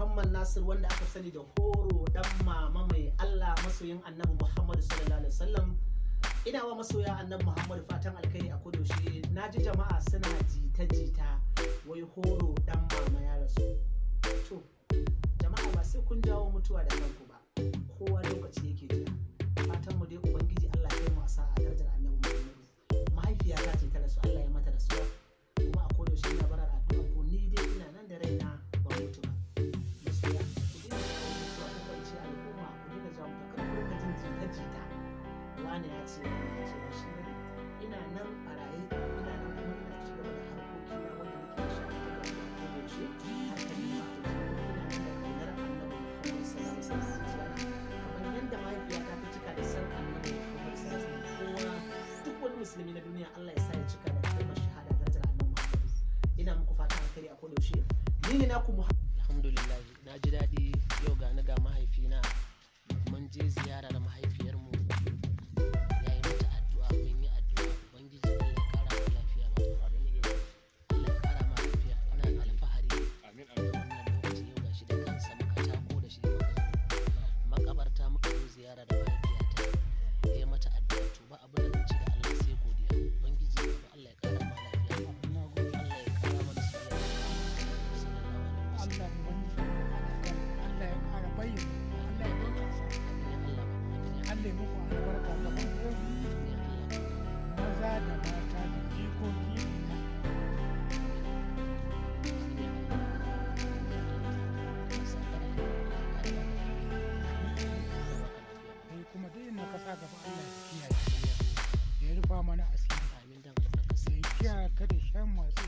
Muhammad Nasir wanda aka sani da horo dan mama mai Allah masoyin Annabi Muhammad sallallahu alaihi wasallam ina wa masoya Annabi Muhammad fatan alkhairi a shi naji jama'a suna jita jita wai horo dan mama ya rasu to jama'a ba sai kun jawo mutuwa da kanku ji ta wani ya ce ya ce ba shi ne ina nan a raye ina nan kuma ina ci gaba da harkoki na wanda nake shi a gaba da koyaushe haka ne ma ina nan da kaunar annabi Muhammad sallallahu alaihi wasallam kamar yadda mahaifiyata ta cika da san annabi Muhammad sallallahu alaihi wasallam kowa duk wani musulmi na duniya Allah ya sa ya cika da kalmar shahada ta tara annabi Muhammad ina muku fatan alheri a kodayaushe ni ne naku Muhammad alhamdulillah na ji daɗi yau ga ni ga mahaifina ba abin da zan ci da Allah sai godiya ubangiji kuma Allah ya kara ma lafiya Allah ya kara mana soyayya Allah ubangiji Allah ya kara bayyana Allah ya Allah ya muerto.